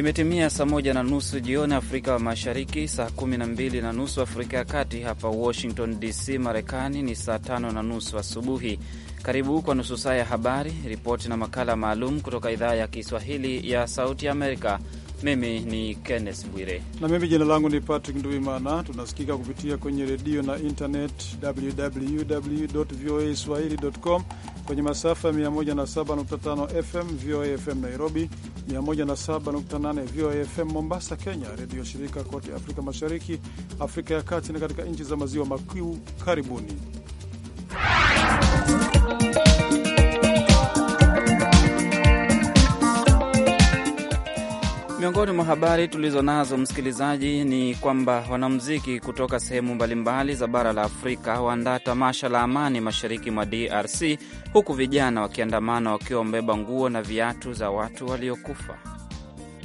Imetimia saa moja na nusu jioni Afrika Mashariki, saa kumi na mbili na nusu Afrika ya Kati. Hapa Washington DC, Marekani ni saa tano na nusu asubuhi. Karibu kwa nusu saa ya habari, ripoti na makala maalum kutoka idhaa ya Kiswahili ya Sauti Amerika. Mimi ni Kenneth Bwire na mimi jina langu ni Patrick Nduimana. Tunasikika kupitia kwenye redio na internet www voa swahili.com, kwenye masafa ya 107.5 FM VOA FM Nairobi, 107.8 VOA FM Mombasa, Kenya, redio shirika kote Afrika Mashariki, Afrika ya Kati na katika nchi za maziwa makuu. Karibuni. Miongoni mwa habari tulizo nazo msikilizaji, ni kwamba wanamuziki kutoka sehemu mbalimbali za bara la Afrika waandaa tamasha la amani mashariki mwa DRC, huku vijana wakiandamana wakiwa wamebeba nguo na viatu za watu waliokufa.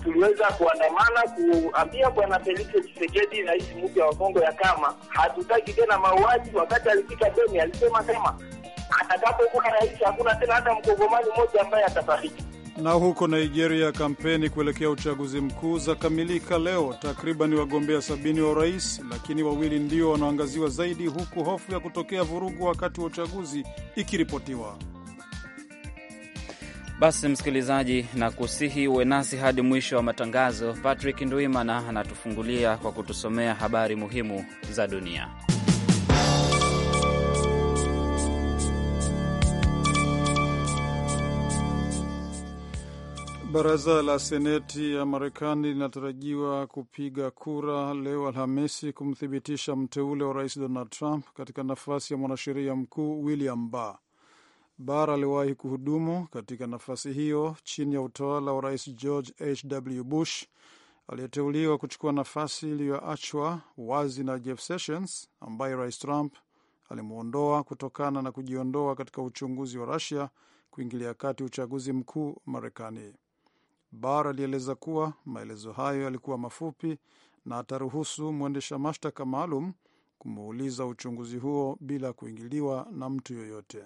Tuliweza kuandamana kuambia Bwana Felix Tshisekedi, rais mpya wa Kongo, ya kama hatutaki tena mauaji. Wakati alifika Beni alisema kama atakapokuwa rais hakuna tena hata mkongomani mmoja ambaye atafariki. Na huko Nigeria, kampeni kuelekea uchaguzi mkuu zakamilika leo. Takriban wagombea sabini wa urais, lakini wawili ndio wanaangaziwa zaidi, huku hofu ya kutokea vurugu wakati wa uchaguzi ikiripotiwa. Basi msikilizaji, na kusihi uwe nasi hadi mwisho wa matangazo. Patrick Ndwimana anatufungulia kwa kutusomea habari muhimu za dunia. Baraza la Seneti ya Marekani linatarajiwa kupiga kura leo Alhamisi kumthibitisha mteule wa rais Donald Trump katika nafasi ya mwanasheria mkuu William Barr. Barr aliwahi kuhudumu katika nafasi hiyo chini ya utawala wa rais George H.W. Bush aliyeteuliwa kuchukua nafasi iliyoachwa wazi na Jeff Sessions ambaye rais Trump alimwondoa kutokana na kujiondoa katika uchunguzi wa rusia kuingilia kati uchaguzi mkuu Marekani bar alieleza kuwa maelezo hayo yalikuwa mafupi na ataruhusu mwendesha mashtaka maalum kumuuliza uchunguzi huo bila kuingiliwa na mtu yoyote.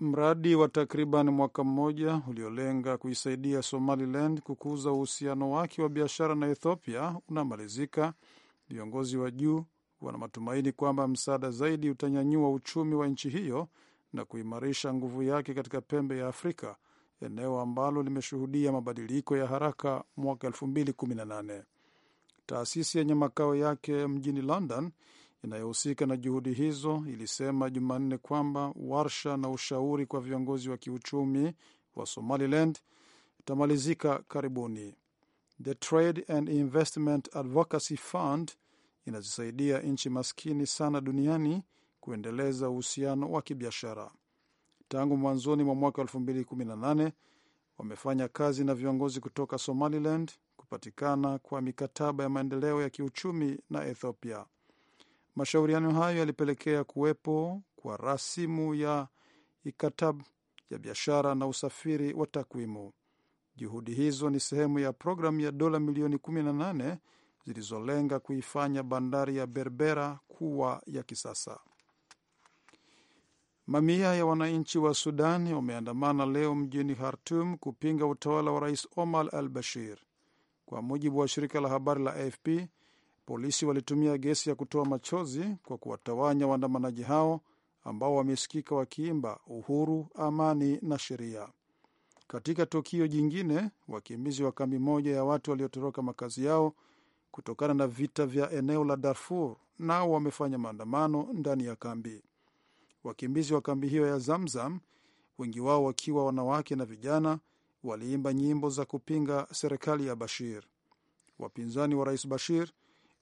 Mradi wa takriban mwaka mmoja uliolenga kuisaidia Somaliland kukuza uhusiano wake wa biashara na Ethiopia unamalizika. Viongozi wa juu wana matumaini kwamba msaada zaidi utanyanyua uchumi wa nchi hiyo na kuimarisha nguvu yake katika pembe ya Afrika eneo ambalo limeshuhudia mabadiliko ya haraka mwaka 2018. Taasisi yenye makao yake mjini London inayohusika na juhudi hizo ilisema Jumanne kwamba warsha na ushauri kwa viongozi wa kiuchumi wa Somaliland itamalizika karibuni. The Trade and Investment Advocacy Fund inazisaidia nchi maskini sana duniani kuendeleza uhusiano wa kibiashara tangu mwanzoni mwa mwaka 2018 wamefanya kazi na viongozi kutoka Somaliland kupatikana kwa mikataba ya maendeleo ya kiuchumi na Ethiopia. Mashauriano hayo yalipelekea kuwepo kwa rasimu ya ikatab ya biashara na usafiri wa takwimu. Juhudi hizo ni sehemu ya programu ya dola milioni 18 zilizolenga kuifanya bandari ya Berbera kuwa ya kisasa. Mamia ya wananchi wa Sudan wameandamana leo mjini Khartum kupinga utawala wa Rais Omar al Bashir. Kwa mujibu wa shirika la habari la AFP, polisi walitumia gesi ya kutoa machozi kwa kuwatawanya waandamanaji hao ambao wamesikika wakiimba uhuru, amani na sheria. Katika tukio jingine, wakimbizi wa kambi moja ya watu waliotoroka makazi yao kutokana na vita vya eneo la Darfur nao wamefanya maandamano ndani ya kambi. Wakimbizi wa kambi hiyo ya Zamzam, wengi wao wakiwa wanawake na vijana, waliimba nyimbo za kupinga serikali ya Bashir. Wapinzani wa rais Bashir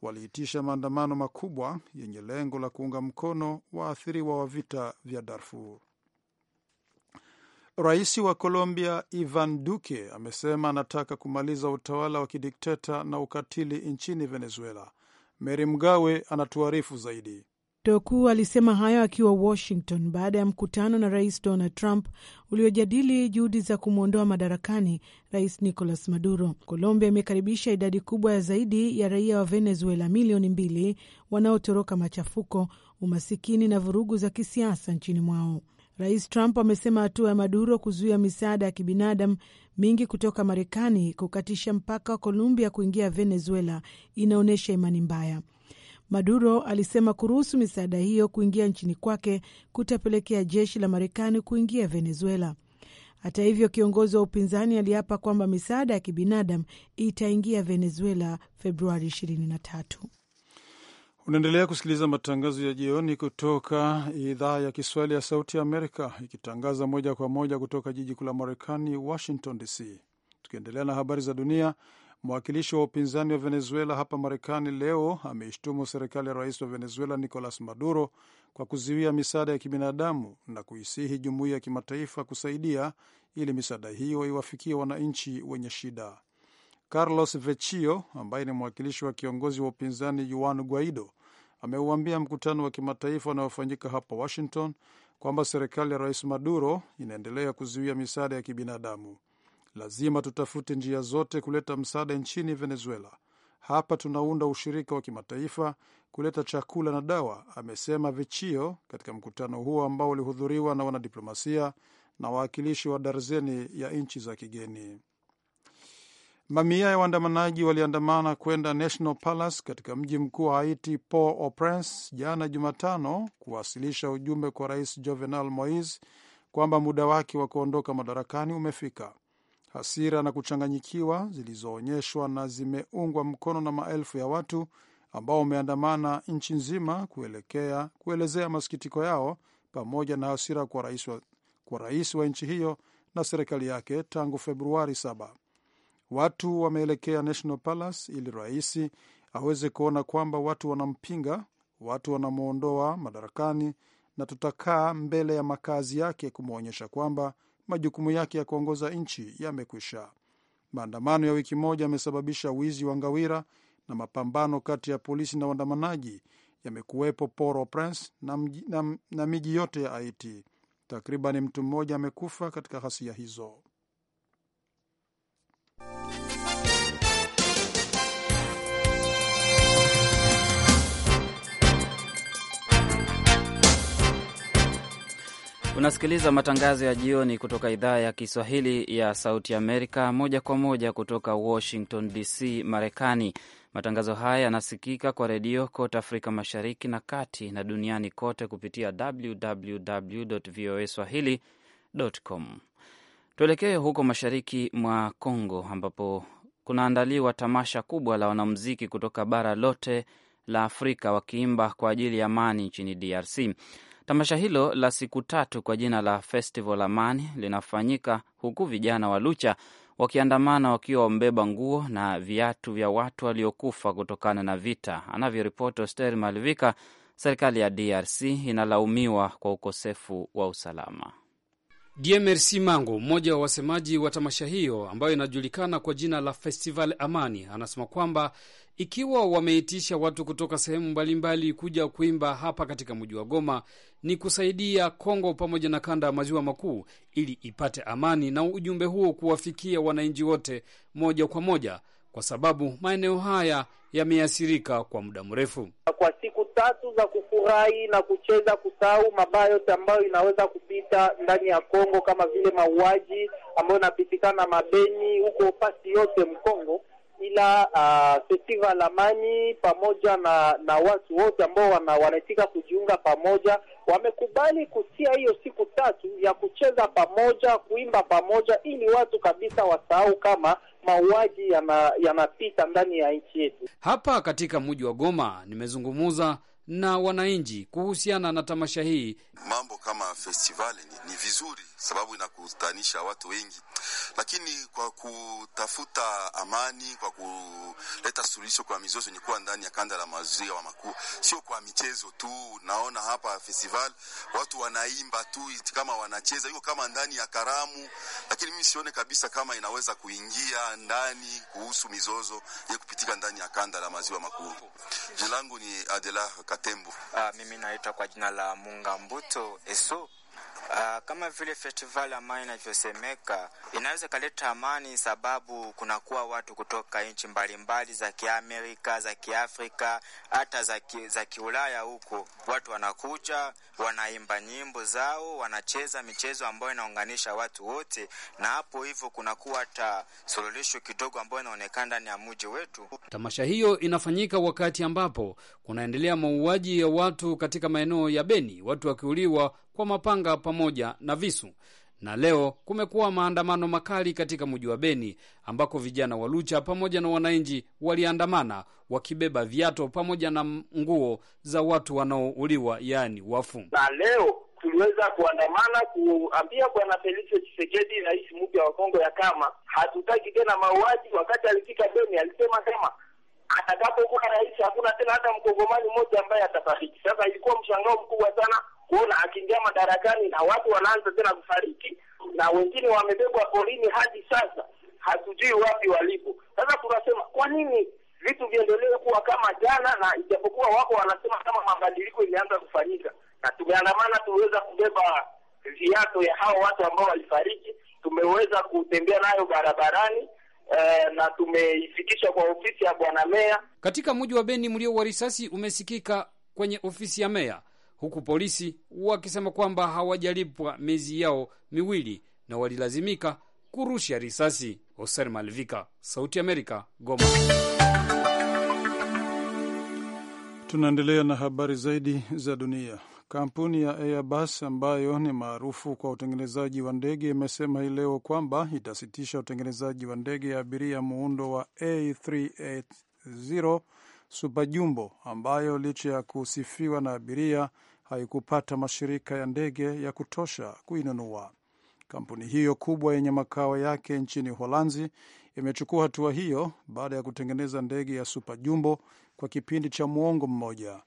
waliitisha maandamano makubwa yenye lengo la kuunga mkono waathiriwa wa vita vya Darfur. Rais wa Colombia Ivan Duque amesema anataka kumaliza utawala wa kidikteta na ukatili nchini Venezuela. Meri Mgawe anatuarifu zaidi. Toku alisema hayo akiwa Washington baada ya mkutano na Rais Donald Trump uliojadili juhudi za kumwondoa madarakani Rais Nicolas Maduro. Colombia imekaribisha idadi kubwa ya zaidi ya raia wa Venezuela milioni mbili wanaotoroka machafuko, umasikini na vurugu za kisiasa nchini mwao. Rais Trump amesema hatua ya Maduro kuzuia misaada ya kibinadamu mingi kutoka Marekani kukatisha mpaka wa Colombia kuingia Venezuela inaonyesha imani mbaya. Maduro alisema kuruhusu misaada hiyo kuingia nchini kwake kutapelekea jeshi la Marekani kuingia Venezuela. Hata hivyo, kiongozi wa upinzani aliapa kwamba misaada ya kibinadamu itaingia Venezuela Februari 23. Unaendelea kusikiliza matangazo ya jioni kutoka idhaa ya Kiswahili ya Sauti ya Amerika, ikitangaza moja kwa moja kutoka jiji kuu la Marekani, Washington DC. Tukiendelea na habari za dunia, Mwakilishi wa upinzani wa Venezuela hapa Marekani leo ameishtumu serikali ya rais wa Venezuela Nicolas Maduro kwa kuzuia misaada ya kibinadamu na kuisihi jumuiya ya kimataifa kusaidia ili misaada hiyo iwafikie wananchi wenye shida. Carlos Vecchio ambaye ni mwakilishi wa kiongozi wa upinzani Juan Guaido ameuambia mkutano wa kimataifa unaofanyika hapa Washington kwamba serikali ya rais Maduro inaendelea kuzuia misaada ya kibinadamu. Lazima tutafute njia zote kuleta msaada nchini Venezuela. Hapa tunaunda ushirika wa kimataifa kuleta chakula na dawa, amesema Vichio katika mkutano huo ambao ulihudhuriwa na wanadiplomasia na wawakilishi wa darzeni ya nchi za kigeni. Mamia ya waandamanaji waliandamana kwenda National Palace katika mji mkuu wa Haiti, Port-au-Prince, jana Jumatano, kuwasilisha ujumbe kwa Rais Jovenal Moise kwamba muda wake wa kuondoka madarakani umefika hasira na kuchanganyikiwa zilizoonyeshwa na zimeungwa mkono na maelfu ya watu ambao wameandamana nchi nzima kuelekea kuelezea masikitiko yao pamoja na hasira kwa rais wa, kwa rais wa nchi hiyo na serikali yake tangu Februari saba Watu wameelekea National Palace ili rais aweze kuona kwamba watu wanampinga, watu wanamwondoa madarakani, na tutakaa mbele ya makazi yake kumwonyesha kwamba majukumu yake ya kuongoza nchi yamekwisha. Maandamano ya wiki moja yamesababisha wizi wa ngawira na mapambano kati ya polisi na waandamanaji yamekuwepo Port-au-Prince na, na, na miji yote ya Haiti. Takriban mtu mmoja amekufa katika ghasia hizo. Unasikiliza matangazo ya jioni kutoka idhaa ya Kiswahili ya Sauti Amerika, moja kwa moja kutoka Washington DC, Marekani. Matangazo haya yanasikika kwa redio kote Afrika Mashariki na Kati na duniani kote kupitia www voa swahili.com. Tuelekee huko mashariki mwa Congo ambapo kunaandaliwa tamasha kubwa la wanamuziki kutoka bara lote la Afrika wakiimba kwa ajili ya amani nchini DRC. Tamasha hilo la siku tatu kwa jina la Festival Amani linafanyika huku vijana wa Lucha wakiandamana wakiwa wamebeba nguo na viatu vya watu waliokufa kutokana na vita. Anavyoripoti Oster Malivika, serikali ya DRC inalaumiwa kwa ukosefu wa usalama. DMRC Mango, mmoja wa wasemaji wa tamasha hiyo ambayo inajulikana kwa jina la Festival Amani, anasema kwamba ikiwa wameitisha watu kutoka sehemu mbalimbali kuja kuimba hapa katika mji wa Goma ni kusaidia Kongo pamoja na kanda ya maziwa makuu ili ipate amani, na ujumbe huo kuwafikia wananchi wote moja kwa moja, kwa sababu maeneo haya yameathirika kwa muda mrefu. Kwa siku tatu za kufurahi na kucheza, kusahau mabaya yote ambayo inaweza kupita ndani ya Kongo, kama vile mauaji ambayo inapitikana Mabeni, huko pasi yote Mkongo ila uh, festival la amani pamoja na na watu wote ambao wanaitika kujiunga pamoja, wamekubali kutia hiyo siku tatu ya kucheza pamoja, kuimba pamoja, ili watu kabisa wasahau kama mauaji yanapita yana ndani ya nchi yetu. Hapa katika mji wa Goma nimezungumuza na wananchi kuhusiana na tamasha hii. Mambo kama festivali ni, ni vizuri sababu inakutanisha watu wengi, lakini kwa kutafuta amani, kwa kuleta suluhisho kwa mizozo ni kuwa ndani ya kanda la maziwa makuu, sio kwa michezo tu. Naona hapa festival watu wanaimba tu kama wanacheza, iko kama ndani ya karamu, lakini mimi sione kabisa kama inaweza kuingia ndani kuhusu mizozo ya kupitika ndani ya kanda la maziwa makuu. Jina langu ni Adela Katembo. Uh, mimi naitwa kwa jina la Munga Mbuto Eso Uh, kama vile festival ambayo inavyosemeka inaweza ikaleta amani, sababu kunakuwa watu kutoka nchi mbalimbali za Kiamerika, za Kiafrika, hata za Kiulaya. Huko watu wanakuja, wanaimba nyimbo zao, wanacheza michezo ambayo inaunganisha watu wote, na hapo hivyo kunakuwa hata suluhisho kidogo ambayo inaonekana ndani ya mji wetu. Tamasha hiyo inafanyika wakati ambapo kunaendelea mauaji ya watu katika maeneo ya Beni, watu wakiuliwa kwa mapanga pamoja na visu. Na leo kumekuwa maandamano makali katika mji wa Beni ambako vijana wa Lucha pamoja na wananchi waliandamana wakibeba viato pamoja na nguo za watu wanaouliwa, yaani wafu. Na leo tuliweza kuandamana kuambia Bwana Felix chisekedi rais mpya wa Kongo, ya kama hatutaki tena mauaji. Wakati alifika Beni alisema kama atakapokuwa rais hakuna tena hata mkongomani mmoja ambaye atafariki. Sasa ilikuwa mshangao mkubwa sana kuna akiingia madarakani na watu wanaanza tena kufariki na wengine wamebebwa polini hadi sasa hatujui wapi walipo. Sasa tunasema kwa nini vitu viendelee kuwa kama jana, na ijapokuwa wako wanasema kama mabadiliko imeanza kufanyika, na tumeandamana, tumeweza kubeba viato ya hao watu ambao walifariki, tumeweza kutembea nayo barabarani eh, na tumeifikisha kwa ofisi ya bwana meya katika mji wa Beni. Mlio wa risasi umesikika kwenye ofisi ya meya huku polisi wakisema kwamba hawajalipwa miezi yao miwili na walilazimika kurusha risasi. Hoser Malvika, Sauti Amerika, Goma. Tunaendelea na habari zaidi za dunia. Kampuni ya Airbus ambayo ni maarufu kwa utengenezaji wa ndege imesema hii leo kwamba itasitisha utengenezaji wa ndege ya abiria muundo wa A380 Super Jumbo ambayo licha ya kusifiwa na abiria haikupata mashirika ya ndege ya kutosha kuinunua. Kampuni hiyo kubwa yenye makao yake nchini Uholanzi imechukua hatua hiyo baada ya kutengeneza ndege ya Super Jumbo kwa kipindi cha muongo mmoja.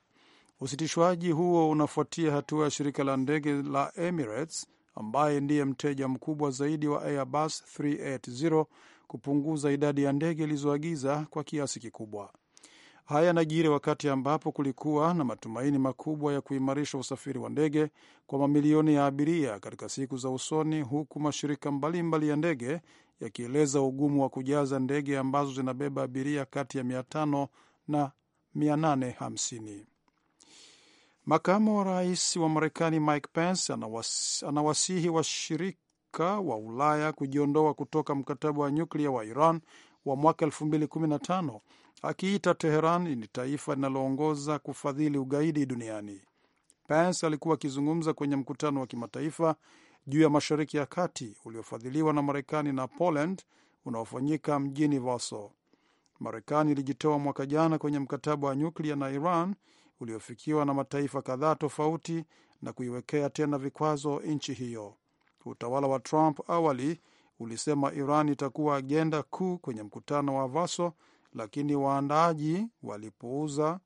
Usitishwaji huo unafuatia hatua ya shirika la ndege la Emirates ambaye ndiye mteja mkubwa zaidi wa Airbus 380 kupunguza idadi ya ndege ilizoagiza kwa kiasi kikubwa. Haya yanajiri wakati ambapo kulikuwa na matumaini makubwa ya kuimarisha usafiri wa ndege kwa mamilioni ya abiria katika siku za usoni, huku mashirika mbalimbali ya ndege yakieleza ugumu wa kujaza ndege ambazo zinabeba abiria kati ya 500 na 850. Makamu wa rais wa Marekani Mike Pence anawasihi washirika wa Ulaya kujiondoa kutoka mkataba wa nyuklia wa Iran wa mwaka 2015 akiita Teheran ni taifa linaloongoza kufadhili ugaidi duniani. Pence alikuwa akizungumza kwenye mkutano wa kimataifa juu ya Mashariki ya Kati uliofadhiliwa na Marekani na Poland unaofanyika mjini Warsaw. Marekani ilijitoa mwaka jana kwenye mkataba wa nyuklia na Iran uliofikiwa na mataifa kadhaa tofauti na kuiwekea tena vikwazo nchi hiyo. Utawala wa Trump awali ulisema Iran itakuwa ajenda kuu kwenye mkutano wa Vaso lakini waandaaji walipuuza,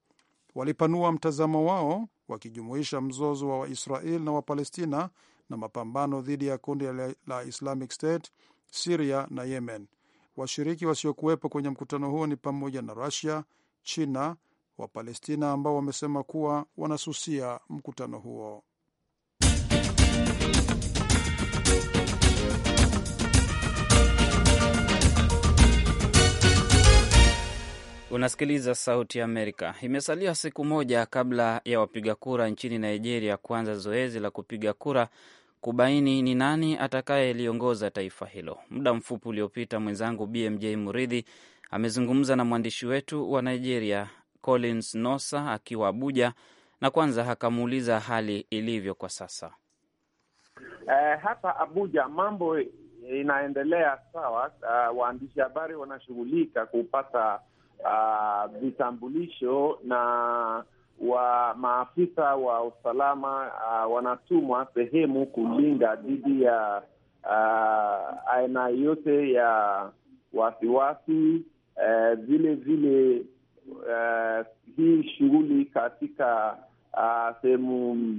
walipanua mtazamo wao wakijumuisha mzozo wa Waisrael na Wapalestina na mapambano dhidi ya kundi la Islamic State Siria na Yemen. Washiriki wasiokuwepo kwenye mkutano huo ni pamoja na Rusia, China, Wapalestina ambao wamesema kuwa wanasusia mkutano huo. Unasikiliza Sauti ya Amerika. Imesalia siku moja kabla ya wapiga kura nchini Nigeria kuanza zoezi la kupiga kura kubaini ni nani atakayeliongoza taifa hilo. Muda mfupi uliopita, mwenzangu BMJ Muridhi amezungumza na mwandishi wetu wa Nigeria Collins Nosa akiwa Abuja, na kwanza akamuuliza hali ilivyo kwa sasa. Eh, hapa Abuja mambo inaendelea sawa. Uh, waandishi habari wanashughulika kupata Ah, vitambulisho na wa maafisa wa usalama uh, wanatumwa sehemu kulinda dhidi ya uh, aina yote ya wasiwasi uh, vile vile uh, hii shughuli katika uh, sehemu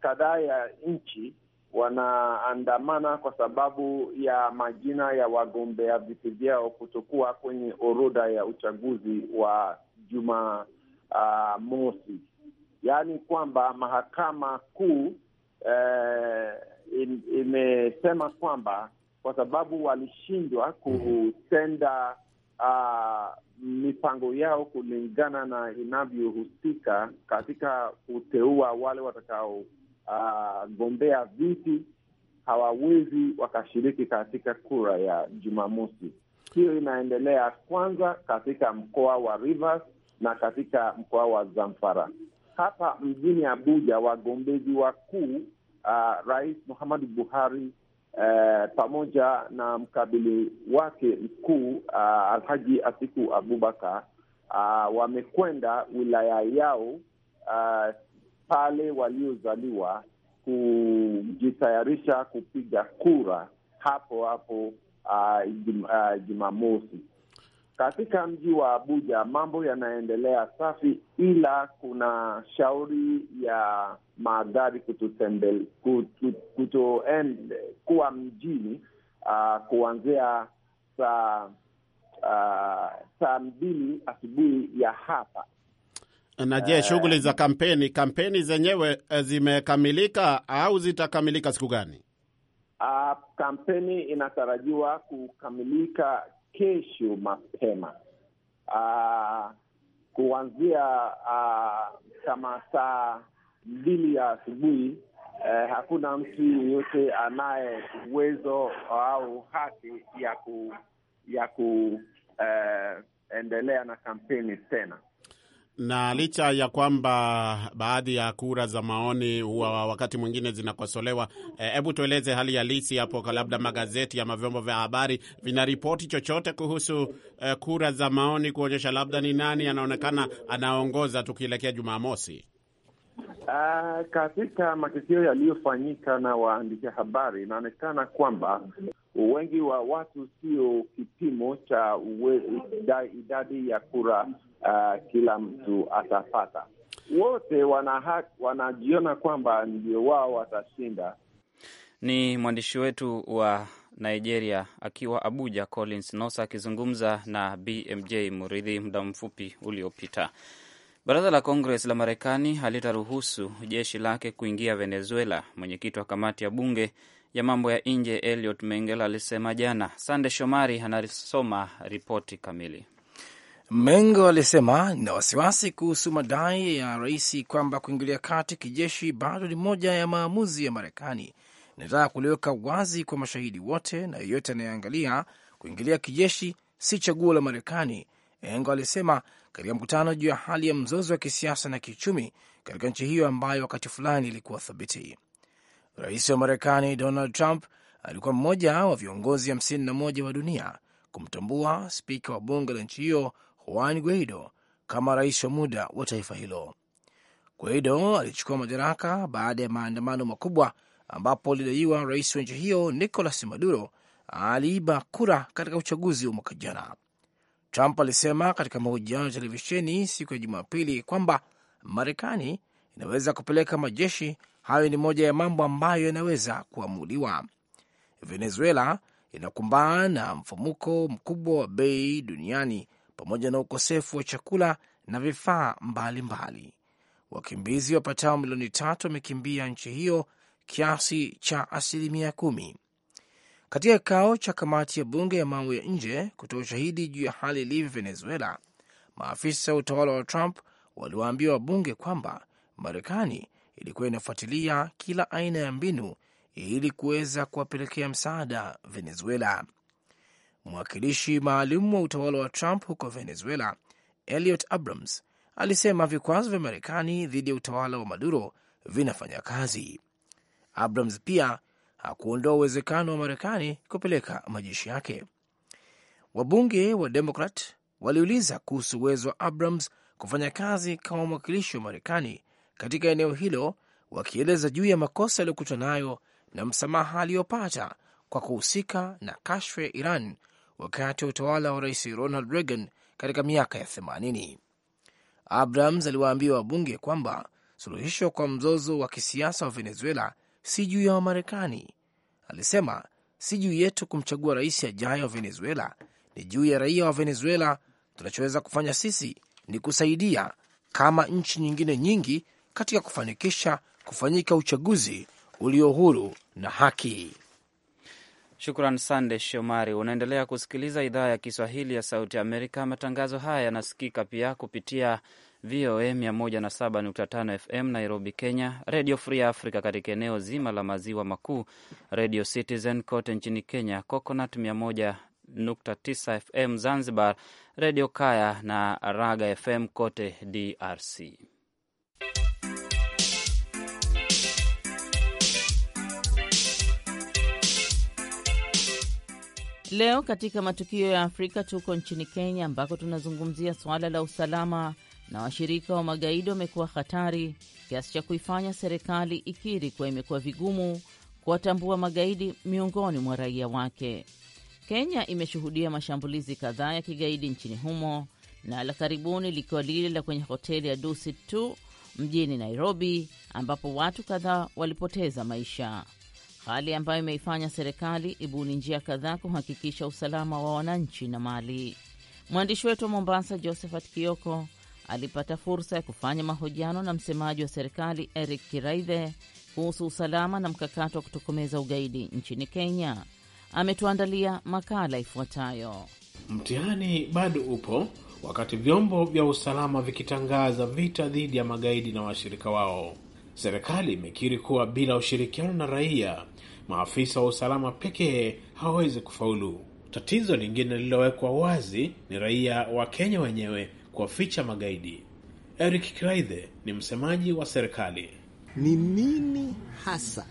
kadhaa ya nchi wanaandamana kwa sababu ya majina ya wagombea viti vyao kutokuwa kwenye orodha ya uchaguzi wa juma uh, mosi, yaani kwamba mahakama kuu eh, imesema kwamba kwa sababu walishindwa kutenda uh, mipango yao kulingana na inavyohusika katika kuteua wale watakao wagombea uh, viti hawawezi wakashiriki katika kura ya Jumamosi. Hiyo inaendelea kwanza katika mkoa wa Rivers na katika mkoa wa Zamfara. Hapa mjini Abuja, wagombezi wakuu uh, Rais Muhammadu Buhari uh, pamoja na mkabili wake mkuu uh, Alhaji Atiku Abubakar uh, wamekwenda wilaya yao uh, pale waliozaliwa kujitayarisha kupiga kura hapo hapo uh, Jumamosi. Katika mji wa Abuja mambo yanaendelea safi, ila kuna shauri ya magari kututembel kutu, kuwa mjini uh, kuanzia saa uh, saa mbili asubuhi ya hapa na je, shughuli za kampeni kampeni zenyewe eh, zimekamilika au zitakamilika siku gani? Uh, kampeni inatarajiwa kukamilika kesho mapema uh, kuanzia uh, kama saa mbili ya asubuhi. Eh, hakuna mtu yeyote anaye uwezo au haki ya ku ya kuendelea eh, na kampeni tena na licha ya kwamba baadhi ya kura za maoni huwa wakati mwingine zinakosolewa, eh, hebu tueleze hali halisi hapo, labda magazeti ama vyombo vya habari vinaripoti chochote kuhusu e, kura za maoni kuonyesha labda ni nani anaonekana anaongoza tukielekea Jumamosi? Uh, katika matukio yaliyofanyika na waandishi habari inaonekana kwamba wengi wa watu sio kipimo cha idadi ya kura uh, kila mtu atapata. Wote wanajiona wana kwamba ndio wao watashinda. Ni mwandishi wetu wa Nigeria akiwa Abuja, Collins Nosa akizungumza na BMJ Muridhi muda mfupi uliopita. Baraza la Kongres la Marekani halitaruhusu jeshi lake kuingia Venezuela. Mwenyekiti wa kamati ya bunge ya mambo ya nje Eliot mengel alisema jana. Sande Shomari anasoma ripoti kamili. Mengo alisema na wasiwasi kuhusu madai ya rais kwamba kuingilia kati kijeshi bado ni moja ya maamuzi ya Marekani. inataka kuliweka wazi kwa mashahidi wote na yeyote anayeangalia, kuingilia kijeshi si chaguo la Marekani, Engo alisema katika mkutano juu ya hali ya mzozo wa kisiasa na kiuchumi katika nchi hiyo ambayo wakati fulani ilikuwa thabiti. Rais wa Marekani Donald Trump alikuwa mmoja wa viongozi hamsini na moja wa dunia kumtambua spika wa bunge la nchi hiyo Juan Guaido kama rais wa muda wa taifa hilo. Guaido alichukua madaraka baada ya maandamano makubwa ambapo alidaiwa rais wa nchi hiyo Nicolas Maduro aliiba kura katika uchaguzi wa mwaka jana. Trump alisema katika mahojiano ya televisheni siku ya Jumapili kwamba Marekani inaweza kupeleka majeshi hayo ni moja ya mambo ambayo yanaweza kuamuliwa. Venezuela inakumbana na mfumuko mkubwa wa bei duniani pamoja na ukosefu wa chakula na vifaa mbalimbali. Wakimbizi wapatao milioni tatu wamekimbia nchi hiyo, kiasi cha asilimia kumi. Katika kikao cha kamati ya bunge ya mambo ya nje kutoa ushahidi juu ya hali ilivyo Venezuela, maafisa wa utawala wa Trump waliwaambia wabunge kwamba Marekani ilikuwa inafuatilia kila aina ya mbinu ili kuweza kuwapelekea msaada Venezuela. Mwakilishi maalum wa utawala wa Trump huko Venezuela, Elliot Abrams, alisema vikwazo vya Marekani dhidi ya utawala wa Maduro vinafanya kazi. Abrams pia hakuondoa uwezekano wa Marekani kupeleka majeshi yake. Wabunge wa Demokrat waliuliza kuhusu uwezo wa Abrams kufanya kazi kama mwakilishi wa Marekani katika eneo hilo wakieleza juu ya makosa yaliyokutwa nayo na msamaha aliyopata kwa kuhusika na kashfa ya Iran wakati wa utawala wa Rais Ronald Reagan katika miaka ya 80. Abrams aliwaambia wabunge kwamba suluhisho kwa mzozo wa kisiasa wa Venezuela si juu ya Wamarekani. Alisema si juu yetu kumchagua rais ajaye wa Venezuela, ni juu ya raia wa Venezuela. Tunachoweza kufanya sisi ni kusaidia, kama nchi nyingine nyingi katika kufanikisha kufanyika uchaguzi ulio huru na haki. Shukran Sande Shomari. Unaendelea kusikiliza idhaa ya Kiswahili ya Sauti Amerika. Matangazo haya yanasikika pia kupitia VOA 107.5 FM Nairobi, Kenya, Redio Free Africa katika eneo zima la maziwa makuu, redio Citizen kote nchini Kenya, Coconut 101.9 FM Zanzibar, Redio Kaya na Raga FM kote DRC. Leo katika matukio ya Afrika tuko nchini Kenya ambako tunazungumzia suala la usalama na washirika wa magaidi wamekuwa hatari kiasi cha kuifanya serikali ikiri kuwa imekuwa vigumu kuwatambua magaidi miongoni mwa raia wake. Kenya imeshuhudia mashambulizi kadhaa ya kigaidi nchini humo na la karibuni likiwa lile la kwenye hoteli ya Dusit tu mjini Nairobi ambapo watu kadhaa walipoteza maisha hali ambayo imeifanya serikali ibuni njia kadhaa kuhakikisha usalama wa wananchi na mali. Mwandishi wetu wa Mombasa, Josephat Kioko, alipata fursa ya kufanya mahojiano na msemaji wa serikali Eric Kiraithe kuhusu usalama na mkakati wa kutokomeza ugaidi nchini Kenya. Ametuandalia makala ifuatayo. Mtihani bado upo wakati vyombo vya usalama vikitangaza vita dhidi ya magaidi na washirika wao. Serikali imekiri kuwa bila ushirikiano na raia maafisa wa usalama pekee hawawezi kufaulu. Tatizo lingine lililowekwa wazi ni raia wa Kenya wenyewe kuwaficha magaidi. Eric Kraithe ni msemaji wa serikali. Ni nini hasa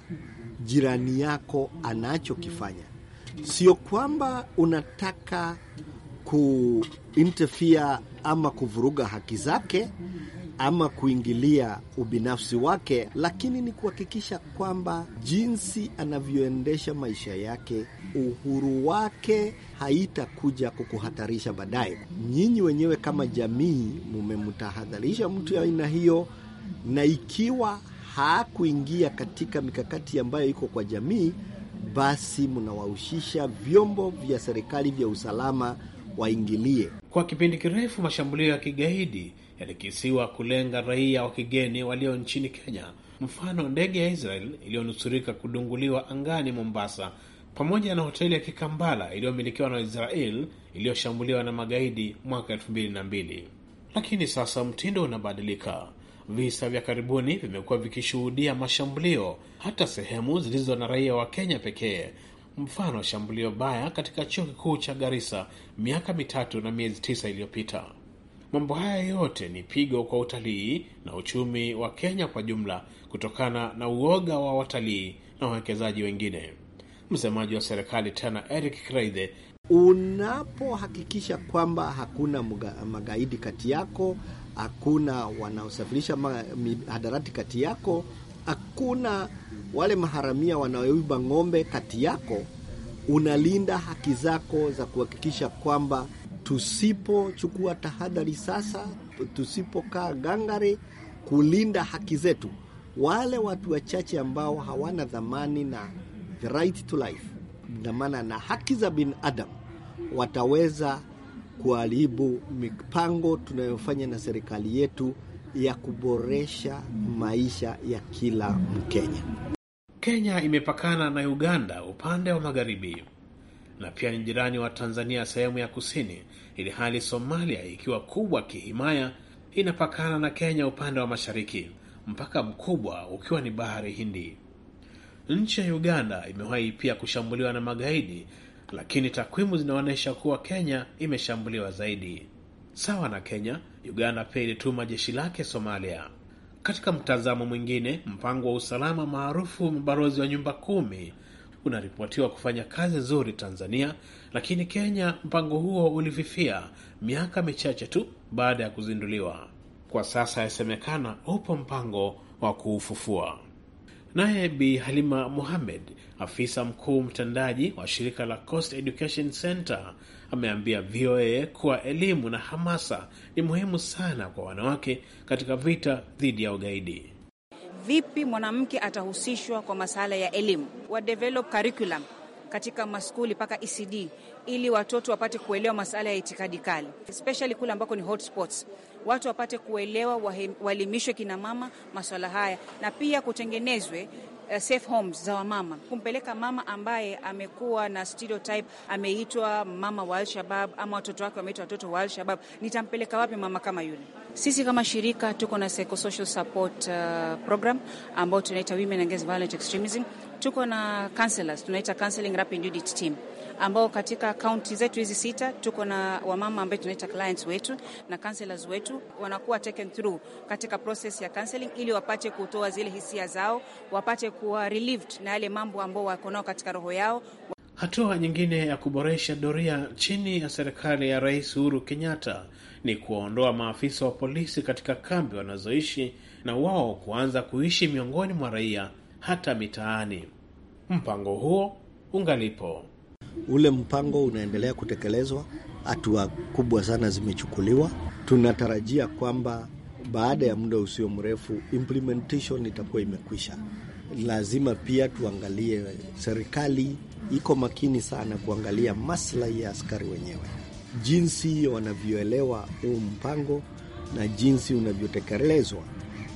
jirani yako anachokifanya? Sio kwamba unataka kuinterfere ama kuvuruga haki zake, ama kuingilia ubinafsi wake, lakini ni kuhakikisha kwamba jinsi anavyoendesha maisha yake, uhuru wake haitakuja kukuhatarisha baadaye. Nyinyi wenyewe kama jamii mumemtahadharisha mtu ya aina hiyo, na ikiwa hakuingia katika mikakati ambayo iko kwa jamii, basi mnawahushisha vyombo vya serikali vya usalama waingilie. Kwa kipindi kirefu mashambulio ya kigaidi yalikisiwa kulenga raia wa kigeni walio nchini Kenya, mfano ndege ya Israel iliyonusurika kudunguliwa angani Mombasa, pamoja na hoteli ya Kikambala iliyomilikiwa na Israel iliyoshambuliwa na magaidi mwaka elfu mbili na mbili. Lakini sasa mtindo unabadilika. Visa vya karibuni vimekuwa vikishuhudia mashambulio hata sehemu zilizo na raia wa Kenya pekee, mfano shambulio baya katika chuo kikuu cha Garissa miaka mitatu na miezi tisa iliyopita. Mambo haya yote ni pigo kwa utalii na uchumi wa Kenya kwa jumla kutokana na uoga wa watalii na wawekezaji wengine. Msemaji wa serikali tena, Eric Kraithe, unapohakikisha kwamba hakuna magaidi kati yako, hakuna wanaosafirisha mihadarati kati yako, hakuna wale maharamia wanaoiba ng'ombe kati yako, unalinda haki zako za kuhakikisha kwamba tusipochukua tahadhari sasa, tusipokaa gangare kulinda haki zetu, wale watu wachache ambao hawana dhamani na the right to life, dhamana na haki za binadamu, wataweza kuharibu mipango tunayofanya na serikali yetu ya kuboresha maisha ya kila Mkenya. Kenya imepakana na Uganda upande wa magharibi na pia ni jirani wa Tanzania sehemu ya kusini, ili hali Somalia ikiwa kubwa kihimaya inapakana na Kenya upande wa mashariki, mpaka mkubwa ukiwa ni bahari Hindi. Nchi ya Uganda imewahi pia kushambuliwa na magaidi, lakini takwimu zinaonyesha kuwa Kenya imeshambuliwa zaidi. Sawa na Kenya, Uganda pia ilituma jeshi lake Somalia. Katika mtazamo mwingine, mpango wa usalama maarufu mabalozi wa nyumba kumi unaripotiwa kufanya kazi nzuri Tanzania, lakini Kenya mpango huo ulififia miaka michache tu baada ya kuzinduliwa. Kwa sasa yasemekana upo mpango wa kuufufua. Naye Bi Halima Mohamed, afisa mkuu mtendaji wa shirika la Coast Education Center, ameambia VOA kuwa elimu na hamasa ni muhimu sana kwa wanawake katika vita dhidi ya ugaidi vipi mwanamke atahusishwa kwa masala ya elimu, wa develop curriculum katika maskuli mpaka ECD ili watoto wapate kuelewa masala ya itikadi kali, especially kule ambako ni hotspots, watu wapate kuelewa, waelimishwe kinamama maswala haya, na pia kutengenezwe Eh, safe homes za wamama, kumpeleka mama ambaye amekuwa na stereotype, ameitwa mama wa Alshabab ama watoto wake wameitwa watoto wa Alshabab. Nitampeleka wapi mama kama yule? Sisi kama shirika tuko na psychosocial support uh, program ambao tunaita Women Against Violent Extremism. Tuko na counselors, tunaita counseling rapid unit team ambao katika kaunti zetu hizi sita tuko na wamama ambao tunaita clients wetu na counselors wetu, wanakuwa taken through katika process ya counseling ili wapate kutoa zile hisia zao, wapate kuwa relieved na yale mambo ambao wako nao katika roho yao. Hatua nyingine ya kuboresha doria chini ya serikali ya Rais Uhuru Kenyatta ni kuondoa maafisa wa polisi katika kambi wanazoishi na wao kuanza kuishi miongoni mwa raia hata mitaani. Mpango huo ungalipo. Ule mpango unaendelea kutekelezwa, hatua kubwa sana zimechukuliwa. Tunatarajia kwamba baada ya muda usio mrefu implementation itakuwa imekwisha. Lazima pia tuangalie, serikali iko makini sana kuangalia maslahi ya askari wenyewe, jinsi wanavyoelewa huu mpango na jinsi unavyotekelezwa,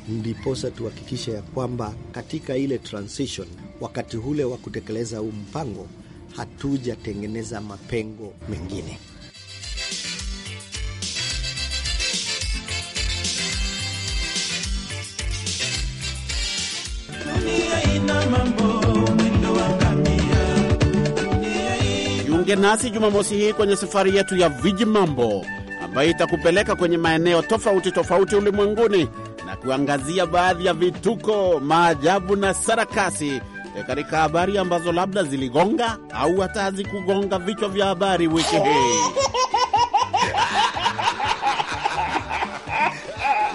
ndiposa tuhakikishe ya kwamba katika ile transition, wakati ule wa kutekeleza huu mpango hatujatengeneza mapengo mengine. Jiunge nasi Jumamosi hii kwenye safari yetu ya viji mambo ambayo itakupeleka kwenye maeneo tofauti tofauti ulimwenguni na kuangazia baadhi ya vituko, maajabu na sarakasi E, katika habari ambazo labda ziligonga au hata hazikugonga vichwa vya habari wiki hii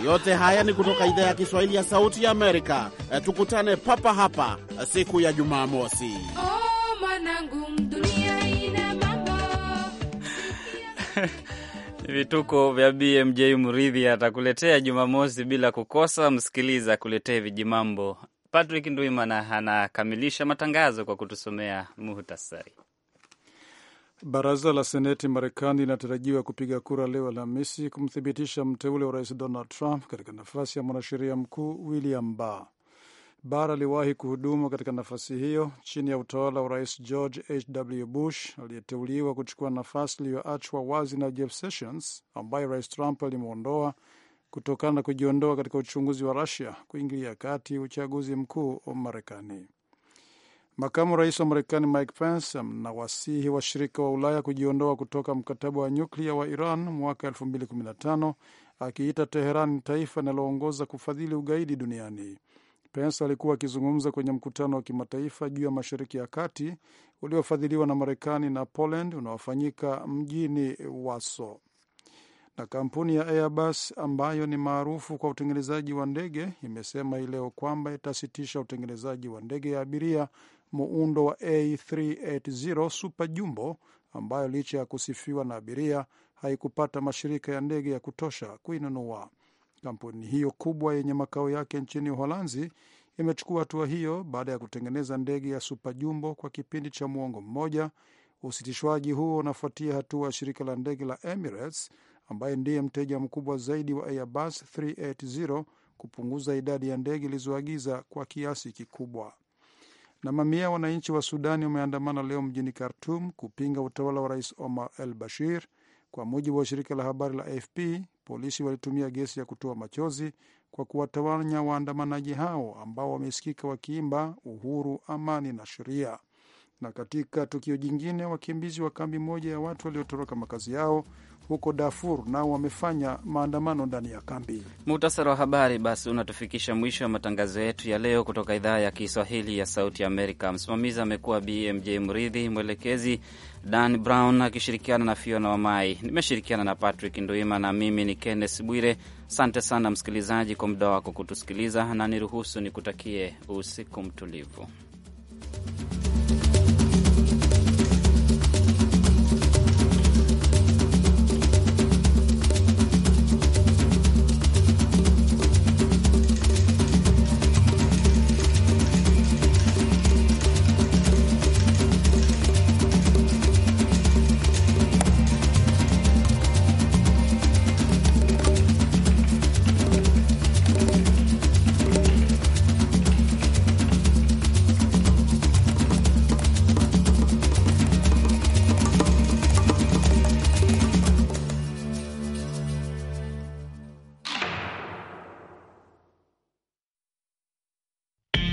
yote haya ni kutoka idhaa ya Kiswahili ya Sauti ya Amerika. E, tukutane papa hapa siku ya Jumamosi. Oh, Vituko vya BMJ Mridhi atakuletea Jumamosi bila kukosa. Msikiliza, akuletee vijimambo Patrick Ndwimana anakamilisha matangazo kwa kutusomea muhtasari. Baraza la Seneti Marekani linatarajiwa kupiga kura leo Alhamisi kumthibitisha mteule wa rais Donald Trump katika nafasi ya mwanasheria mkuu William Barr. Barr aliwahi kuhudumu katika nafasi hiyo chini ya utawala wa rais George H.W. Bush aliyeteuliwa kuchukua nafasi iliyoachwa wazi na Jeff Sessions ambaye rais Trump alimwondoa kutokana na kujiondoa katika uchunguzi wa Rusia kuingilia kati uchaguzi mkuu wa Marekani. Makamu rais wa Marekani Mike Pence amnawasihi washirika wa Ulaya kujiondoa kutoka mkataba wa nyuklia wa Iran mwaka 2015 akiita Teheran taifa linaloongoza kufadhili ugaidi duniani. Pence alikuwa akizungumza kwenye mkutano wa kimataifa juu ya Mashariki ya Kati uliofadhiliwa na Marekani na Poland unaofanyika mjini Waso na kampuni ya Airbus ambayo ni maarufu kwa utengenezaji wa ndege imesema hii leo kwamba itasitisha utengenezaji wa ndege ya abiria muundo wa A380 Super Jumbo ambayo licha ya kusifiwa na abiria haikupata mashirika ya ndege ya kutosha kuinunua. Kampuni hiyo kubwa yenye makao yake nchini Uholanzi imechukua hatua hiyo baada ya kutengeneza ndege ya Super Jumbo kwa kipindi cha muongo mmoja. Usitishwaji huo unafuatia hatua ya shirika la ndege la Emirates ambaye ndiye mteja mkubwa zaidi wa Airbus 380 kupunguza idadi ya ndege ilizoagiza kwa kiasi kikubwa. Na mamia wananchi wa Sudani wameandamana leo mjini Khartum kupinga utawala wa Rais Omar al Bashir. Kwa mujibu wa shirika la habari la AFP, polisi walitumia gesi ya kutoa machozi kwa kuwatawanya waandamanaji hao ambao wamesikika wakiimba uhuru, amani na sheria. Na katika tukio jingine, wakimbizi wa kambi moja ya watu waliotoroka makazi yao huko Darfur nao wamefanya maandamano ndani ya kambi. Muhtasari wa habari basi unatufikisha mwisho wa matangazo yetu ya leo kutoka idhaa ya Kiswahili ya Sauti Amerika. Msimamizi amekuwa BMJ Mridhi, mwelekezi Dan Brown akishirikiana na Fiona Wamai, nimeshirikiana na Patrick Nduima na mimi ni Kenneth Bwire. Asante sana msikilizaji kwa muda wako kutusikiliza, na niruhusu nikutakie usiku mtulivu.